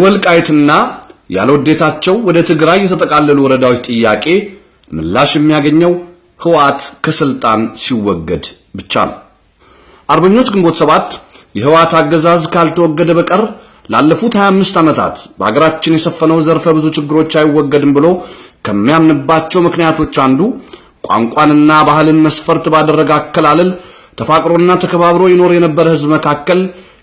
የወልቃይትና ያለውዴታቸው ወደ ትግራይ የተጠቃለሉ ወረዳዎች ጥያቄ ምላሽ የሚያገኘው ህወሓት ከስልጣን ሲወገድ ብቻ ነው። አርበኞች ግንቦት ሰባት የህወሓት አገዛዝ ካልተወገደ በቀር ላለፉት 25 ዓመታት በአገራችን የሰፈነው ዘርፈ ብዙ ችግሮች አይወገድም ብሎ ከሚያምንባቸው ምክንያቶች አንዱ ቋንቋንና ባህልን መስፈርት ባደረገ አከላለል ተፋቅሮና ተከባብሮ ይኖር የነበረ ህዝብ መካከል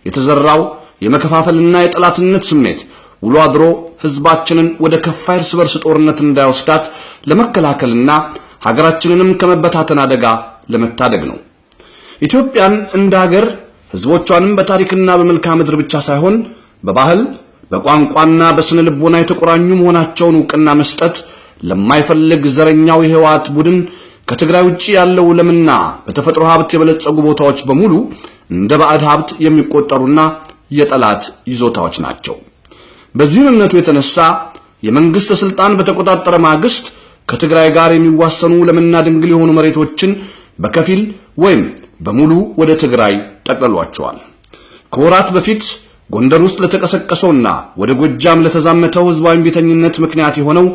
የተዘራው የመከፋፈልና የጠላትነት ስሜት ውሎ አድሮ ህዝባችንን ወደ ከፋ እርስ በርስ ጦርነት እንዳይወስዳት ለመከላከልና ሀገራችንንም ከመበታተን አደጋ ለመታደግ ነው። ኢትዮጵያን እንደ ሀገር ህዝቦቿንም በታሪክና በመልክዓ ምድር ብቻ ሳይሆን በባህል በቋንቋና በስነ ልቦና የተቆራኙ መሆናቸውን እውቅና መስጠት ለማይፈልግ ዘረኛው የህወሓት ቡድን ከትግራይ ውጪ ያለው ለምና በተፈጥሮ ሀብት የበለጸጉ ቦታዎች በሙሉ እንደ ባዕድ ሀብት የሚቆጠሩና የጠላት ይዞታዎች ናቸው። በዚህ እምነቱ የተነሳ የመንግስት ስልጣን በተቆጣጠረ ማግስት ከትግራይ ጋር የሚዋሰኑ ለምና ድንግል የሆኑ መሬቶችን በከፊል ወይም በሙሉ ወደ ትግራይ ጠቅልሏቸዋል። ከወራት በፊት ጎንደር ውስጥ ለተቀሰቀሰውና ወደ ጎጃም ለተዛመተው ህዝባዊ ቤተኝነት ምክንያት የሆነው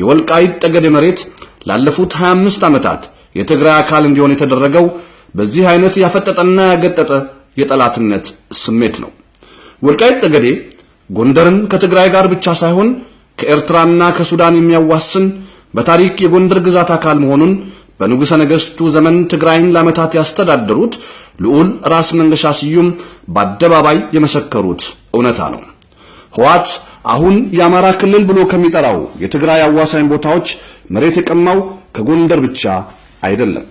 የወልቃይት ጠገዴ መሬት ላለፉት 25 ዓመታት የትግራይ አካል እንዲሆን የተደረገው በዚህ አይነት ያፈጠጠና ያገጠጠ የጠላትነት ስሜት ነው። ወልቃይት ጠገዴ ጎንደርን ከትግራይ ጋር ብቻ ሳይሆን ከኤርትራና ከሱዳን የሚያዋስን በታሪክ የጎንደር ግዛት አካል መሆኑን በንጉሠ ነገሥቱ ዘመን ትግራይን ለዓመታት ያስተዳደሩት ልዑል ራስ መንገሻ ስዩም በአደባባይ የመሰከሩት እውነታ ነው። ህወሓት አሁን የአማራ ክልል ብሎ ከሚጠራው የትግራይ አዋሳኝ ቦታዎች መሬት የቀማው ከጎንደር ብቻ አይደለም።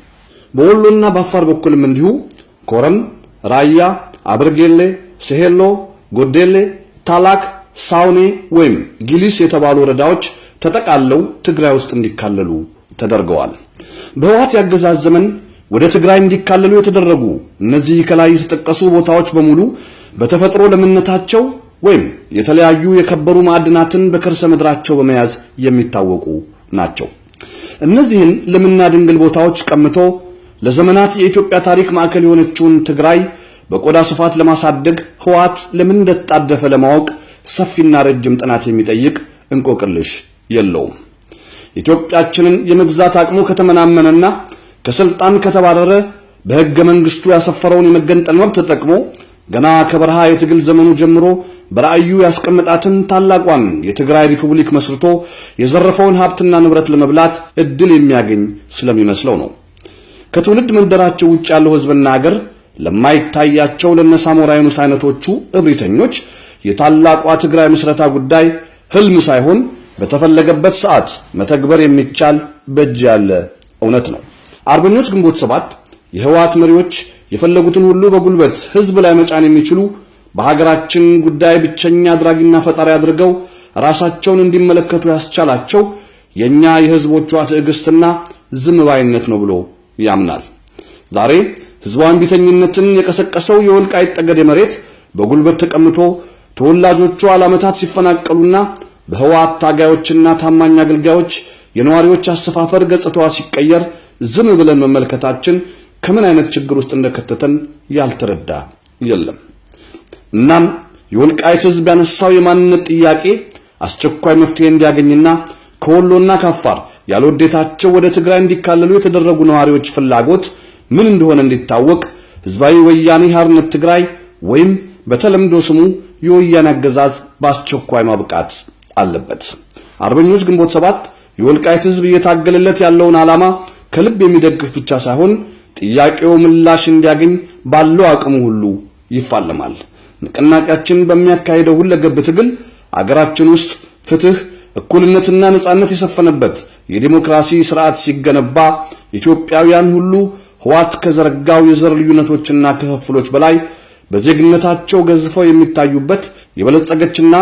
በወሎና በአፋር በኩልም እንዲሁ ኮረም፣ ራያ፣ አብርጌሌ፣ ሰሄሎ። ጎዴሌ፣ ታላክ፣ ሳውኔ ወይም ጊሊስ የተባሉ ወረዳዎች ተጠቃለው ትግራይ ውስጥ እንዲካለሉ ተደርገዋል። በህወሓት ያገዛዝ ዘመን ወደ ትግራይ እንዲካለሉ የተደረጉ እነዚህ ከላይ የተጠቀሱ ቦታዎች በሙሉ በተፈጥሮ ለምነታቸው ወይም የተለያዩ የከበሩ ማዕድናትን በከርሰ ምድራቸው በመያዝ የሚታወቁ ናቸው። እነዚህን ለምና ድንግል ቦታዎች ቀምቶ ለዘመናት የኢትዮጵያ ታሪክ ማዕከል የሆነችውን ትግራይ በቆዳ ስፋት ለማሳደግ ህወሓት ለምን እንደተጣደፈ ለማወቅ ሰፊና ረጅም ጥናት የሚጠይቅ እንቆቅልሽ የለውም። ኢትዮጵያችንን የመግዛት አቅሙ ከተመናመነና ከስልጣን ከተባረረ በሕገ መንግሥቱ ያሰፈረውን የመገንጠል መብት ተጠቅሞ ገና ከበረሃ የትግል ዘመኑ ጀምሮ በራዕዩ ያስቀመጣትን ታላቋን የትግራይ ሪፑብሊክ መስርቶ የዘረፈውን ሀብትና ንብረት ለመብላት እድል የሚያገኝ ስለሚመስለው ነው። ከትውልድ መንደራቸው ውጭ ያለው ህዝብና አገር ለማይታያቸው ለነሳሞራይኑስ አይነቶቹ እብሪተኞች የታላቋ ትግራይ ምስረታ ጉዳይ ህልም ሳይሆን በተፈለገበት ሰዓት መተግበር የሚቻል በእጅ ያለ እውነት ነው። አርበኞች ግንቦት ሰባት የህወሓት መሪዎች የፈለጉትን ሁሉ በጉልበት ህዝብ ላይ መጫን የሚችሉ በሀገራችን ጉዳይ ብቸኛ አድራጊና ፈጣሪ አድርገው ራሳቸውን እንዲመለከቱ ያስቻላቸው የኛ የህዝቦቿ ትዕግስትና ዝምባይነት ነው ብሎ ያምናል። ዛሬ ሕዝቧ እምቢተኝነትን የቀሰቀሰው የወልቃይት ጠገዴ መሬት በጉልበት ተቀምጦ ተወላጆቿ ለዓመታት ሲፈናቀሉና በህወሓት ታጋዮችና ታማኝ አገልጋዮች የነዋሪዎች አሰፋፈር ገጽታዋ ሲቀየር ዝም ብለን መመልከታችን ከምን አይነት ችግር ውስጥ እንደከተተን ያልተረዳ የለም። እናም የወልቃይት ህዝብ ያነሳው የማንነት ጥያቄ አስቸኳይ መፍትሄ እንዲያገኝና ከወሎና ከአፋር ያለ ውዴታቸው ወደ ትግራይ እንዲካለሉ የተደረጉ ነዋሪዎች ፍላጎት ምን እንደሆነ እንዲታወቅ ህዝባዊ ወያኔ ሓርነት ትግራይ ወይም በተለምዶ ስሙ የወያኔ አገዛዝ በአስቸኳይ ማብቃት አለበት። አርበኞች ግንቦት ሰባት የወልቃይት ህዝብ እየታገለለት ያለውን ዓላማ ከልብ የሚደግፍ ብቻ ሳይሆን ጥያቄው ምላሽ እንዲያገኝ ባለው አቅሙ ሁሉ ይፋለማል። ንቅናቄያችን በሚያካሄደው ሁለገብ ትግል አገራችን ውስጥ ፍትህ፣ እኩልነትና ነጻነት የሰፈነበት የዲሞክራሲ ስርዓት ሲገነባ ኢትዮጵያውያን ሁሉ ህዋት ከዘረጋው የዘር ልዩነቶችና ክፍፍሎች በላይ በዜግነታቸው ገዝፈው የሚታዩበት የበለጸገችና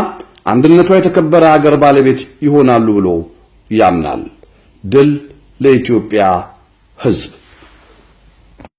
አንድነቷ የተከበረ አገር ባለቤት ይሆናሉ ብሎ ያምናል። ድል ለኢትዮጵያ ሕዝብ!